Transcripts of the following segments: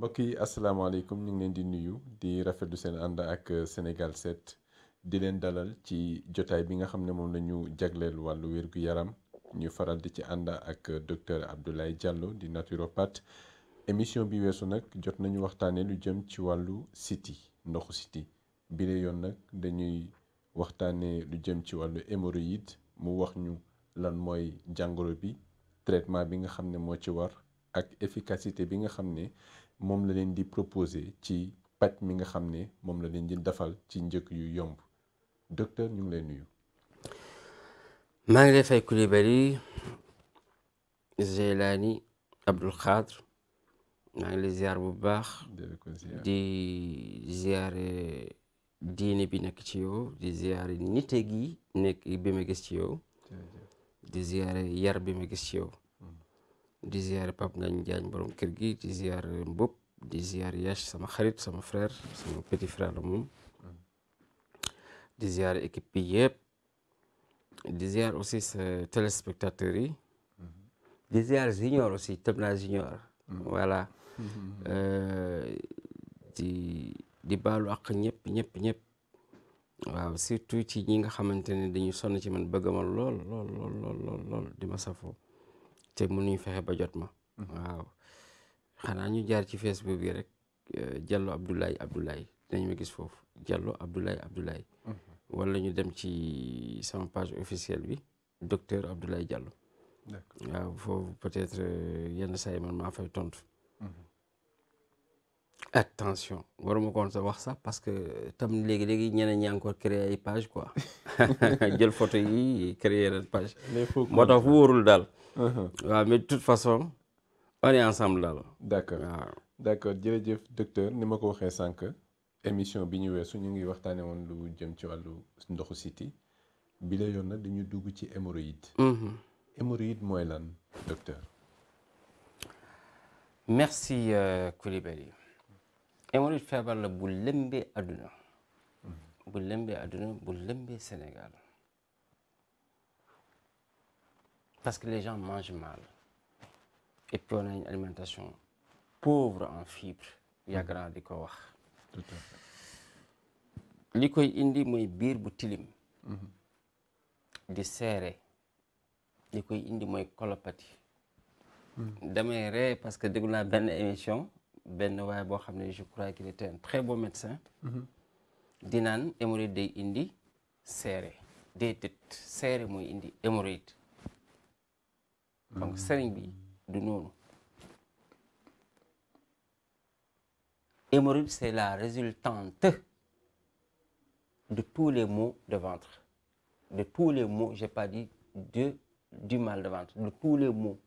mbokk yi asalaamaaleykum ñu ngi leen di nuyu di rafetlu seen ànd ak Sénégal set di leen dalal ci jotaay bi nga xam ne moom lañu ñu jagleel wàllu wérgu yaram ñu faral di ci ànd ak docteur Abdoulaye Diallo di naturopathe émission bi weesu nag jot nañu waxtaanee lu jëm ci wàllu siti ndoxu siti bi yoon nag dañuy waxtaane lu jëm ci wàllu hémorroïde mu wax ñu lan mooy jàngoro bi traitement bi nga xam ne moo ci war ak efficacité bi nga xam ne moom la leen di proposer ci paj mi nga xam ne moom la leen di defal ci njëkk yu yomb docteur ñu ngi lay nuyu. maa ngi lay fay Coulibaly Zeylani Abdul Khadr maa ngi lay ziar bu baax. di ziare diine bi nekk ci yow di ziare nite gi nekk bi ma gis ci yow. di ziare yar bi ma gis ci yow. Mm. di ziare Pape Ngagne Diagne borom kër gi di ziare Mbop. di ziar Yash sama xarit sama frère sama petit frère la di ziar équipe bi yëpp di ziar aussi sa téléspectateurs yi di ziar junior aussi tëb naa junior voilà euh, di di baalu ak ñëpp ñëpp ñëpp waaw surtout ci ñi nga xamante ne dañu sonn ci man bëgg ma lool lool lool lool lool di ma safoo te mënuñu fexe ba jot ma xanaa ñu jaar ci facebook bi rek euh, Diallo Abdoulaye Abdoulaye dañ ma gis foofu Diallo Abdoulaye Abdoulaye mhm. wala ñu dem ci sama page officielle bi docteur Abdoulaye jàllo waaw foofu peut-être euh, yenn saa yi man maa fay tontu mhm. attention waruma koon sa wax sax parce que euh, tam léegi-léegi ñeneen ñi encore créé ay page quoi jël photo yi créé leen page moo tax fu wóorul daal mhm. waaw mais de toute façon on est ensemble daal. accord d' accord jërëjëf docteur ni ma ko waxee sànq émission bi ñu weesu ñu ngi waxtaanee woon lu jëm ci wàllu ndoxu siti bi la yoon nag dañu dugg ci hémorroïde. Mhm. hémorroïde mooy lan docteur. merci Coulibaly euh, hémorroïde feebar la bu lëmbee àdduna. Mhm. bu lëmbee àdduna bu lëmbee Sénégal parce que les gens mangent mal. et puis on a une alimentation pauvre en fibres yàgg naa di ko wax li koy indi mooy biir bu tilim mhm. di seere li koy indi mooy colopathie mhm. damay ree parce que déglu naa benn émission benn waaye boo xam ne je crois qu'il était très bon médecin mhm. di naan hémorroïde day indi seere déedéet seere mooy indi hémorroïde donc sëriñ bi du noonu hémorroïde c'est la résultante de tous les maux de ventre de tous les maux j'ai pas dit de tous les maux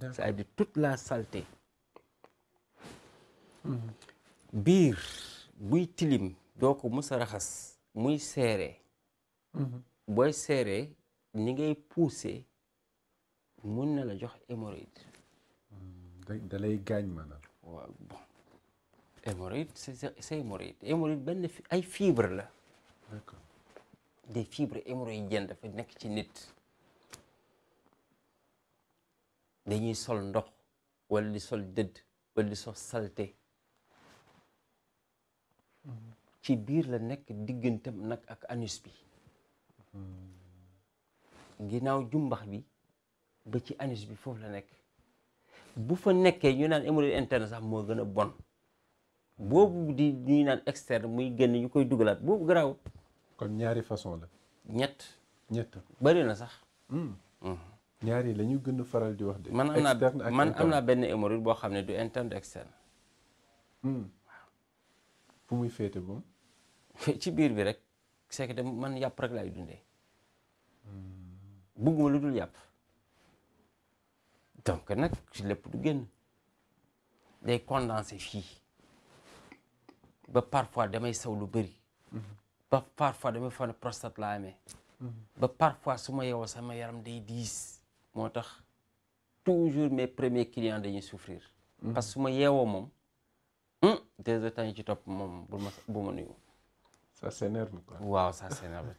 cest à toute la saleté mm-hmm. biir buy tilim doo ko mës a raxas muy seere mm-hmm. booy seere ni ngay pousser mun na la jox hémorroïde. da lay gaañ maanaam. waaw bon hémorroïde c' est c' est ay fibre la. d' accord des fibres hémorroïdiennes nekk ci nit. dañuy sol ndox wala di sol dëdd wala di sol salté ci biir la nekk diggantam nag ak anus bi hmm. ginnaaw jumbax bi. ba ci anus bi foofu la nekk bu fa nekkee ñu naan hémorroïde interne sax moo gën a bon boobu di ñuy naan externe muy génn ñu koy dugalaat boobu garaawut kon ñaari façon la ñett ñett bari na sax hmm. Hmm. ñaari la ñu gën a faral di wax de man am naa man am naa benn hémorroïde boo xam ne du interne du hmm. fu muy féete boobu ci biir bi rek c'est que man yàpp rek laay dundee bugguma lu dul yàpp donc nag lépp du génn day condensé fii ba parfois damay saw lu bëri ba parfois damay fa ne prostate laa amee ba parfois su ma yeewoo sama yaram day diis moo tax toujours mes premier clients dañuy souffrir parce que su ma yeewoo moom deux heures temps yi ci topp moom bu ma bu ma nuyu ça s'énerve quoi waaw ça s'énerve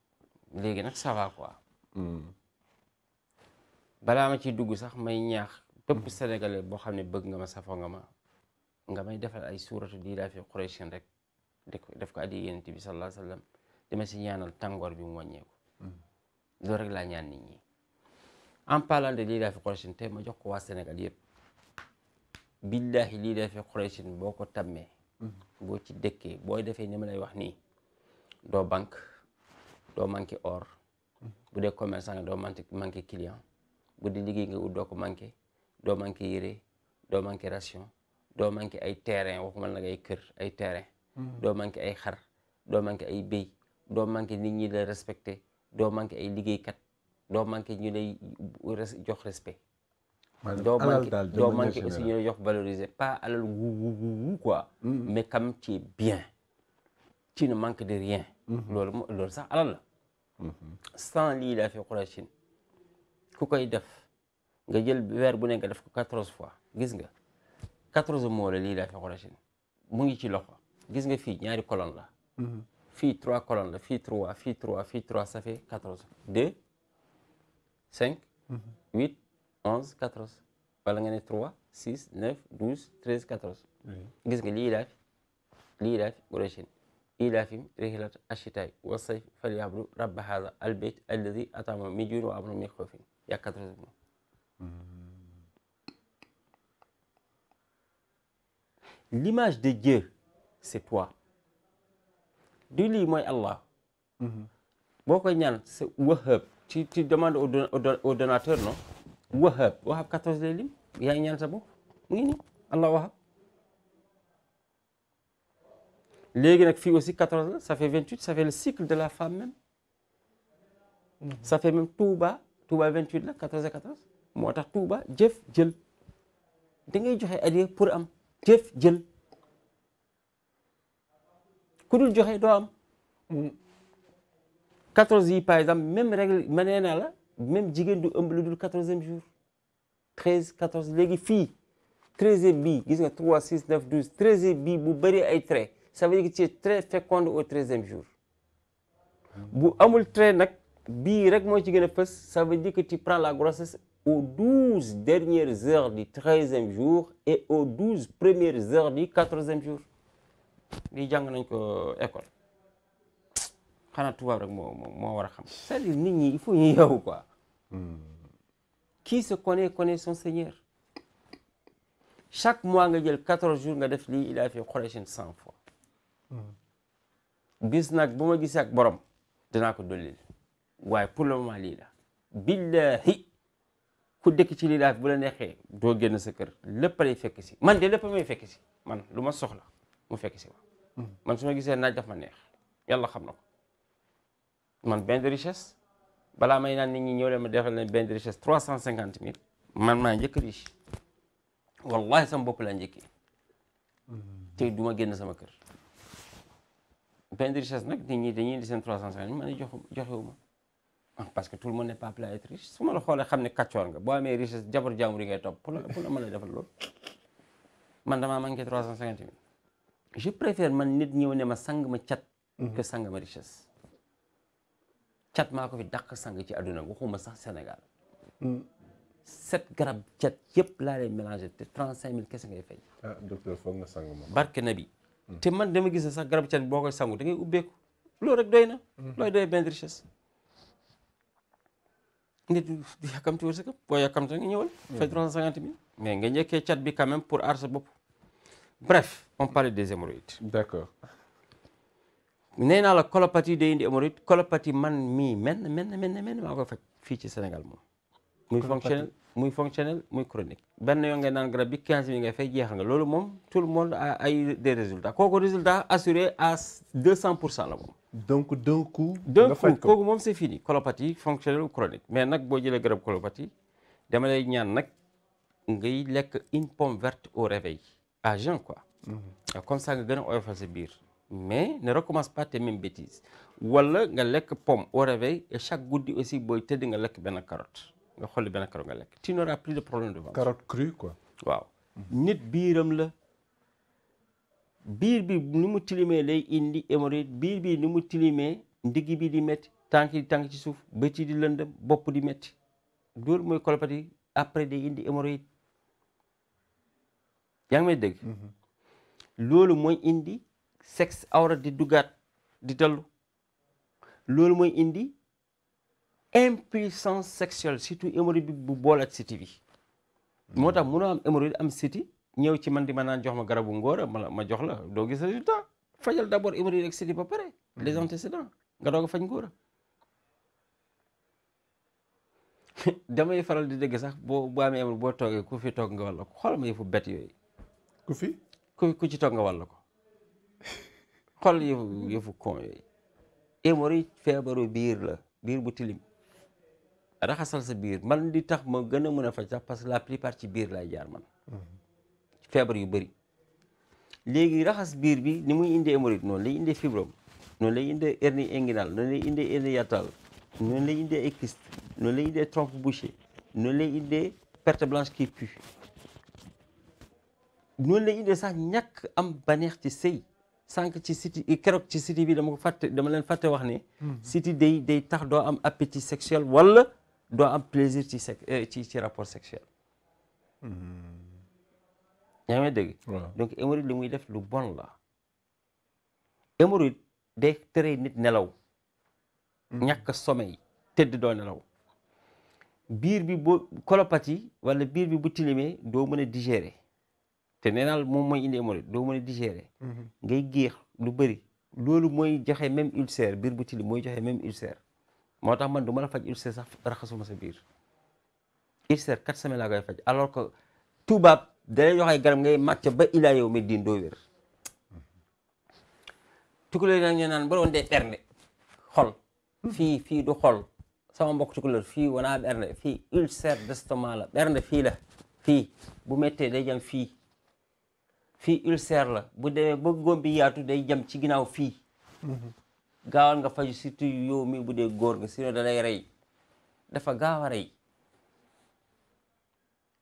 léegi nag ça va quoi hmm. balaa ma ciy dugg sax may ñaax bépp mm-hmm. sénégalais boo xam ne bëgg nga ma safoo nga ma nga may defal ay suuratu diilaa fi Qurayshin rek def ko def ko addi yonent bi sallallahu alayhi wa si ñaanal tàngoor bi mu wàññeeku mm-hmm. loolu rek laa ñaan nit ñi en parlant de diilaa fi Qurayshin tey ma jox ko waa Sénégal yëpp billahi lii dafa Qurayshin boo ko tàmmee mm-hmm. boo ci dëkkee boo defee ni ma lay wax ni doo banque doo manqué or bu dee commerçant doo manqué client bu di liggéey nga ut doo ko manqué doo manqué yére doo manqué ration doo manqué ay terrain waxuma la nag ay kër ay terrain hmm. doo manqué ay xar doo manqué ay béy doo manqué nit ñi la respecté doo manqué ay liggéeykat doo manqué ñu lay jox respect doo manqué doo manqué aussi ñu lay jox valorisé pas alal wu wu wu quoi hmm. mais comme tu bien tu ne manques de rien hmm. loolu loolu sax alal la sans lii laa ku koy def nga jël weer bu ne nga def ko quatorze fois gis nga quatorze mois la lii laa fi mu ngi ci loxo gis nga fii ñaari kolon la mhm. fii trois kolon la fii trois fii trois fii trois ça fait quatorze deux cinq mhm. huit onze quatorze wala nga ne trois six neuf douze treize quatorze gis nga lii laa fi lii laa fi xorachin إيلافهم رحلة الشتاء والصيف فليعبدوا رب هذا البيت الذي أطعمهم من جوع وآمنهم من خوف et à 80 mois. L'image de Dieu, c'est toi. du lii mooy Allah. Mm-hmm. boo koy ñaan c'est Wahhab ci ci demande au au donateur lim yaa ngi ñaan mu ngi nii Allah Wahhab léegi nag fii aussi 14 la ça fait 28 ça fait le cycle de la femme même. Mm-hmm. ça fait même Touba. Touba 28 la 14 14 moo tax Touba jëf jël da ngay joxe adiya pour am jëf jël ku dul joxe doo am 14 yi par exemple même règle ma nee naa la même jigéen du ëmb lu dul 14e jour 13 14 léegi fii 13e bii gis nga 3 6 9 12 13e bii bu bëri ay trait ça veut dire que tu es très féconde au jour bu amul trait nag. bii rek moo ci gën a fës ça veut dire que tu prends la grossesse aux douze dernières heures du treizième jour et aux douze premières heures du quatorzième jour lii jàng nañ ko euh, école xanaa tubaab rek moo moo war a xam cest à nit ñi il faut ñu yow quoi hmm. qui se connaît connaît Seigneur chaque mois nga jël quatorze jour nga def lii il a fait Qurayshin cent fois bis hmm. nag bu ma gisee ak borom dinaa ko waaye pour le moment lii la billahi ku dëkk ci lii daal bu la neexee doo génn sa kër lépp lay fekk si man de lépp may fekk si man lu ma soxla mu fekk si ma man su ma gisee naa daf ma neex yàlla xam na ko man benn richesse balaa may naan ni ñi ñëw leen ma defal leen benn richesse trois cent cinquante mille man maa njëkk riche wallahi sama bopp laa njëkkee te du ma génn sama kër benn richesse nag nit ñi dañuy indi seen trois cent cinquante mille man joxewuma parce que tout le monde n'est pas appelé à être riche su xam ne kàccoor nga yi topp pour la pour la a defal loolu man damaa manqué trois cent cinquante mille je préfère man nit ñëw ne ma sang ma cat mhm. que sang ma cat maa ko fi dàq sang ci adduna àdduna waxuma sax senegal mhm. sept garab cat yëpp laa lay mélangé te trente cinq mille kese ngay fay ah docteur barke na mhm. te man dama gis sax garab cat boo koy sangu da ngay ubbeeku loolu rek doy na looy doy benn richesse nit di yàkkamti wërsëgam boo yàkkamti hmm. mais nga njëkkee cat bi quand même pour aar sa bopp on parlait des hémorroïdes nee naa la colopathie day indi hémorroïde colopathie man mii menn menn menn menn maa koy faj fii ci Sénégal moom muy fonctionnel muy fonctionnel muy chronique benn yoon ngay naan garab bi 15 mi ngay fay jeexal nga loolu moom tout le monde a ay des résultats kooku résultat assuré à 200 pour cent la moom donc d'un coup. kooku moom c'est fini colopathie fonctionnelle ou chronique mais nag boo jëlee garab colopathie dama lay ñaan nag ngay lekk une pomme verte au réveil à jeun quoi. Mm-hmm. comme ça nga gën a oyofal sa biir. mais ne recommence pas tes mêmes bêtises wala nga lekk pomme au réveil et chaque guddi aussi booy tëdd nga lekk benn carotte nga xolli benn carotte nga lekk tu n'auras plus de problème de ventre. carotte crue quoi. waaw mm-hmm. nit biiram la. biir bi ni mu tilimee lay indi hémorroïde biir bi ni mu tilimee ndigg bi di métti tànk di tànk ci suuf bët yi di lëndëm bopp di métti loolu mooy colopathie après day indi hémorroïde yaa ngi may mhm. loolu mooy indi sexe awra di duggaat di dellu loolu mooy indi impuissance sexuelle surtout hémorroïde bi bu boolaat siti bi mhm. moo tax mënoo am hémorroïde am siti ñëw ci man di ma naan jox ma garabu ngóora ma ma jox la doo gis résultat fajal d'abord hémorroïde ak siti ba pare hmm. les antécédents nga doog a faj ngóora damay faral di dégg sax boo boo amee boo toogee ku fi toog nga wàll ko xool ma yëfu bet yooyu ku fi ci toog nga wàll ko xool yëfu yëfu kon feebaru biir la biir bu tilim raxasal sa biir man di tax ma gën a mun a faj sax parce que la plupart ci biir lay jaar man hmm. feebar yu bëri léegi raxas biir bi ni muy indee hémorroïde noonu lay indee fibrome noonu lay indee hernie inguinale noonu lay indee hernie hiatale noonu lay indee ay kyste noonu lay indee trompe bouchée noonu lay indee perte blanche qui pue noonu lay indee sax ñàkk am baneex ci sëy sànq ci siti keroog ci siti bi dama ko fàtte dama leen fàtte wax ne hmm. siti day day tax doo am appétit sexuel wala doo am plaisir ci euh, ci ci rapport sexuel hmm. yaa ngi dégg. donc hémorroïde li muy def lu bon la. hémorroïde day tere nit nelaw. Mm-hmm. ñàkk sommeil tëdd doo nelaw. biir bi bu colopathie wala biir bi bu tilimee doo mën a digérer te nee naa moom mooy indi hémorroïde doo mën a digérer. Mm-hmm. ngay géex lu bari loolu mooy joxe même ulcère biir bu tilim mooy joxe même ulcère moo tax man du ma a faj ulcère sax raxasuma sa biir ulcère quatre semaines laa koy faj alors que tubaab. danañ wax ay garab nga màcc ba ilaa yow mi diin doo wér tukulóor nag ñu naan ba doon dee bernde xol fii fii du xol sama mbokk tukulóor fii wanaa bernde fii ulcère d'estomac la bernde fii la fii bu mettee day jam fii fii ulcère la bu demee ba góom bi yaatu day jam ci ginnaaw fii gaawal nga faju surtout yow mi bu dee góor nga sinon da lay rey dafa gaaw a rey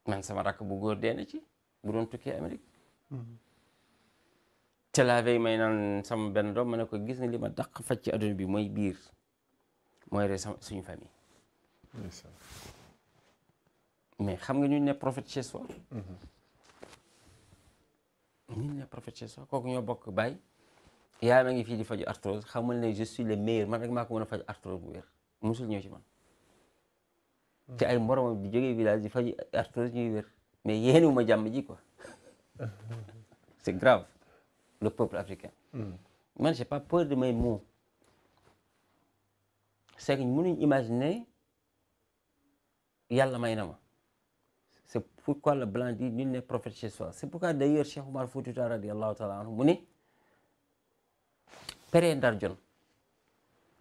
man sama rakk bu góor dee na ci bu doon tukkee Amérique mhm. ca la may naan sama benn doom ma ne ko gis nga li ma dàq faj ci adduna bi mooy biir mooy rek sama suñu famille mais xam nga ñu ne prophète chez soi mhm. ñu ne prophète chez soi kooku ñoo bokk baay yaa ma ngi fii di faju arthrose xamul ne je suis le meilleur man rek maa ko a faj arthrose bu wér musul ñëw ci man te ay moromam di jógee village di faju arthrose ñuy wér mais yéene wu ma jàmm ji ko c'est grave le peuple africain. Hmm. man j'ai pas peur de may mots. c'est que mënuñ imaginer yàlla may na ma c'est pourquoi le blanc dit nul n'est prophète chez soi c'est pourquoi d'ailleurs Cheikh Omar Foutiyou Tall radiyallahu taala anhu mu ni pere ndarjon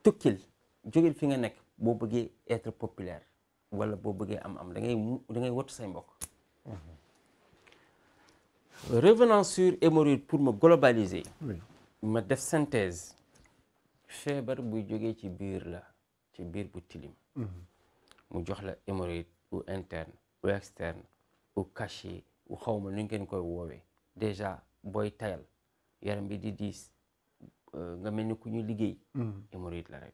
tukkil jógil fi nga nekk boo bëggee être populaire wala boo bëggee am am da ngay da ngay wattu say mbokk Mhm. revenant sur hémorroïde pour ma globaliser. ma def synthèse. feebar buy jógee ci biir la ci biir bu tilim. Mhm. mu jox la hémorroïde u interne ou externe ou caché ou xaw ma koy woowee déjà booy tayal yaram bi di diis euh, nga mel ni ku ñu liggéey. Mhm. hémorroïde la rek.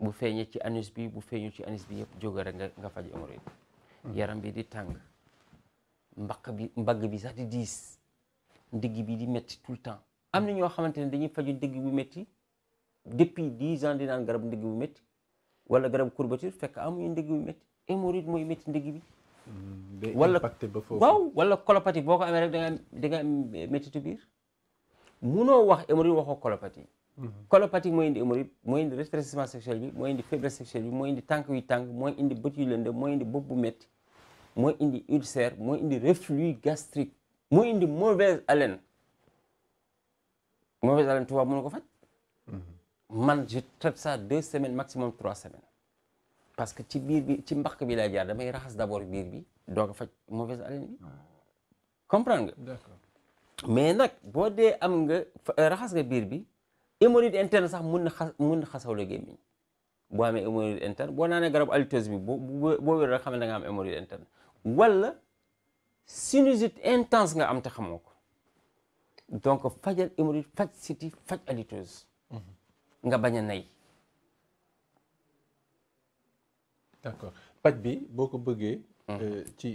bu feeñee ci anus bi bu feeñu ci anus bi yëpp jóge rek nga faj hémorroïde. yaram bi di tàng. mbaq bi mbagg bi sax di diis ndigg bi di metti tout le temps am na ñoo xamante ne dañuy faju ndigg bu metti depuis dix ans di naan garab ndigg bu metti wala garab courbature fekk amuñu ndigg bu metti hémorroïde mooy metti ndigg bi hmm, wala waaw wala colopathie boo ko amee da nga da nga am méttitu biir wax hémorroïde waxoo colopathie hmm. colopathie mooy indi hémorroïde mooy indi bi mooy indi faiblesse sexuelle bi mooy indi tànk yu tàng mooy indi bët yu lëndëm mooy indi bopp bu metti mooy indi ulcère mooy indi reflux gastrique mooy indi mauvaise haleine mauvaise tu tubaab mënu ko faj mhm. man je traite ça deux semaines maximum trois semaines parce que ci biir bi ci mbaq bi lay jaar damay raxas d'abord biir bi doog faj mauvaise haleine bi ah. comprendre nga d'accord mais nag boo dee am nga raxas nga biir bi hémorroïde interne sax mun na xas mun na xasaw la gémmiñ boo amee hémorroïde interne boo naanee garab halitose bi boo boo wér rek xam ne da am hémorroïde wala sinusite intense nga am te nga ko donc fajal hémorroïde faj siti faj haliteuse mhm. nga bañ a nay d'accord paj bi boo ko bëggee mhm. euh, ci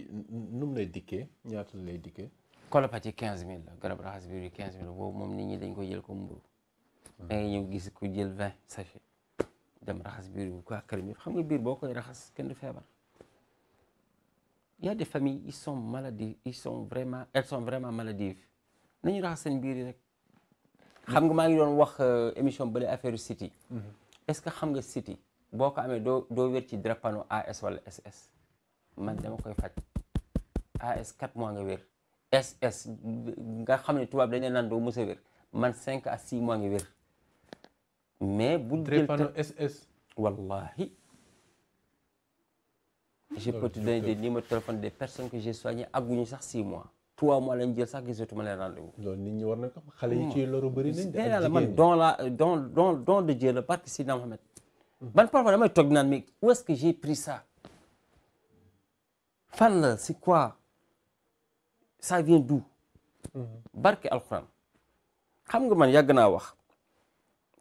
nu mu lay dikkee ñaata lay dikkee colopathie quinze mille la garab raxas biir bi quinze mille boobu moom nit ñi dañ ko jël ko mburu mhm. da ngay ñëw gis ku jël vingt sachet dem raxas biir bi ku kër mi xam nga biir boo koy raxas kenn du feebar y famille des familles ils sont maladives ils sont vraiment elles sont vraiment maladives nañu raxas seen biir rek. xam nga maa ngi doon wax euh, émission bële affaire city mm-hmm. est-ce que xam nga city boo ko amee doo doo wér ci drapano AS wala SS man dama koy faj AS 4 mois nga wér SS nga xam ne tubaab dañu naan doo mës a man 5 à 6 mois nga wér. mais bu jël drapano SS. je peux te donner des numéros de téléphone sax 6 mois. 3 mois lañ jël sax gisatuma leen rendez-vous. loolu nit ñi war na ko xale yi ci loru bëri nañ. de la man don la don don don de Dieu la barke Sidna Mohamed. man ma damay toog naan mais où est-ce que j'ai pris ça. fan la c'est quoi. sa vient d'où. barke alxuraan. xam nga man yàgg naa wax.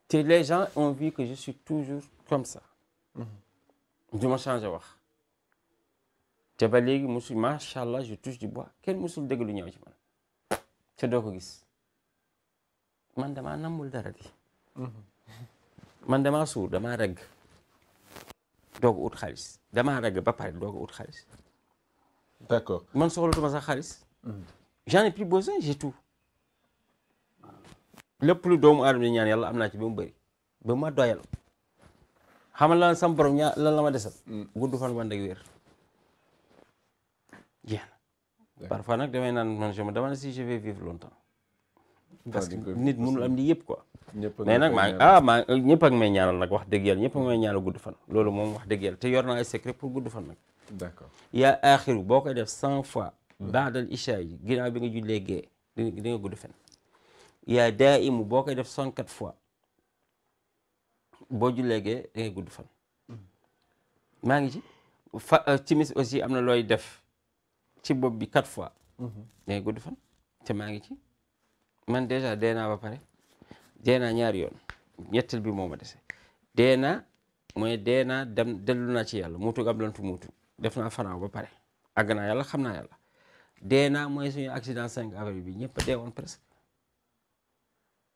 te les gens ont vu que je suis toujours comme ça. du changé wax. te ba léegi musul macha allah je touche du bois kenn musul dégg lu ñëw ci man te doo ko gis man damaa nammul dara di mhm. man damaa suur damaa regg doog ut xaalis damaa regg ba pare doog ut xaalis d'accord man soxlatuma sa xaalis mhm. j'en ai plus besoin j'ai tout lépp lu doomu aadama di ñaan yàlla am naa ci ba bëri ba ma doyal xamal la sam borom ñaa lan la ma desal mm. gudd fan man ak wér jeex na parfois nag damay naan man je nit mënul am li yëpp quoi mais ah, ñëpp ak may wax dëgg yàlla ñëpp ak may ñaanal gudd moom wax dëgg yàlla te yor naa ay secret yaa aaxiru boo koy def cent fois hmm. baadal isha yi ginnaaw bi nga jullee gee di nga gudd fan yaa daa imu boo koy def cent quatre fois boo jullee gee di gudd fan hmm. maa ngi ci fa euh, timis aussi am na looy def ci bopp bi quatre fois. day mhm. gudd fan te maa ngi ci man dèjà dee naa ba pare dee naa ñaari yoon ñetteel bi moo ma dese dee na mooy dee naa dem dellu naa ci yàlla muutu gam lantu muutu def fana fanaaw ba pare àgg naa yàlla xam naa yàlla dee naa mooy suñu accident cinq avril bi ñëpp dee woon presque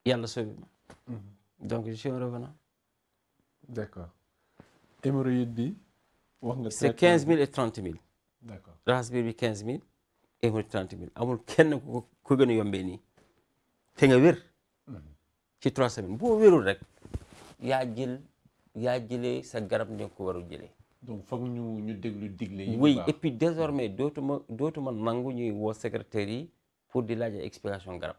yàlla sauvé ma. Mhm. donc je suis un revenant. d' accord hémorroïde bi wax nga. c' est 15 000 et raxas biir bi quinze mille émori trente mille amul kenn ku ko gën a yombee nii te nga wér mhm. ci trois semaines boo wérul rek yaa jël yaa jële sa garab ne ko war a jëlee donc foog ñu ñu déglu digle yi oui et puis désormais dootuma dootuma nangu ñuy woo secrétaire yi pour di laaj explication garab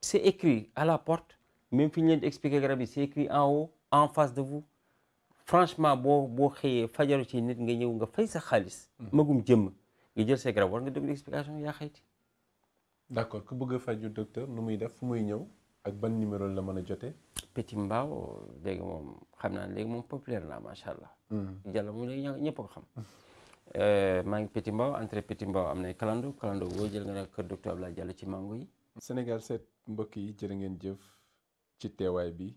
c'est écrit à la porte même fi leen di expliquer garab yi c'est écrit en haut en face de vous franchement boo boo xëyee fajaru ci nit nga ñëw nga fay sa xaalis. Mm. magum jëmm nga jël say garab war nga déglu explication yaa xayti. d' accord ku bëgg a faju docteur nu muy def fu muy ñëw ak ban numéro la mën a jotee. Petit Mbao léegi moom xam naa léegi moom populaire naa macha allah. Mm. Jalla moom léegi ñëpp ko xam. Mm. Euh, maa ngi Petit Mbao entre Petit Mbao am na kalando kalando boo jël nga ne kër docteur Abdoulaye Diallo ci mango yi. Sénégal seet mbokk yi jërë ngeen jëf ci teewaay bi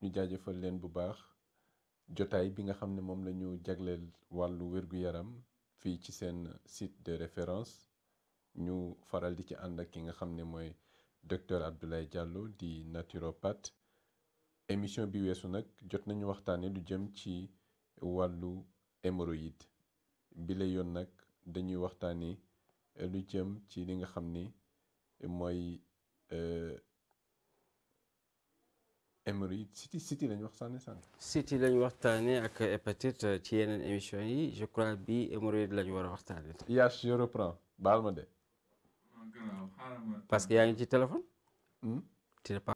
ñu jaajëfal leen bu baax. jotaay bi nga xam ne moom la ñu jagleel wàllu wér yaram fii ci seen site de référence ñu faral di ci ànd ak ki nga xam ne mooy docteur Abdoulaye jàlloo di naturopathe émission bi weesu nag jot nañu waxtaane lu jëm ci wàllu hémorroïde bi la yoon nag dañuy waxtaane lu jëm ci li nga xam ni mooy euh, hémorroïde city city lañ waxtaanee sànq. city lañ waxtaanee ak hépatite euh, ci yeneen émission yi je crois bi hémorroïde lañ war a waxtaanee. ya je reprends baal ma de. parce que yaa ngi ci téléphone. Hmm?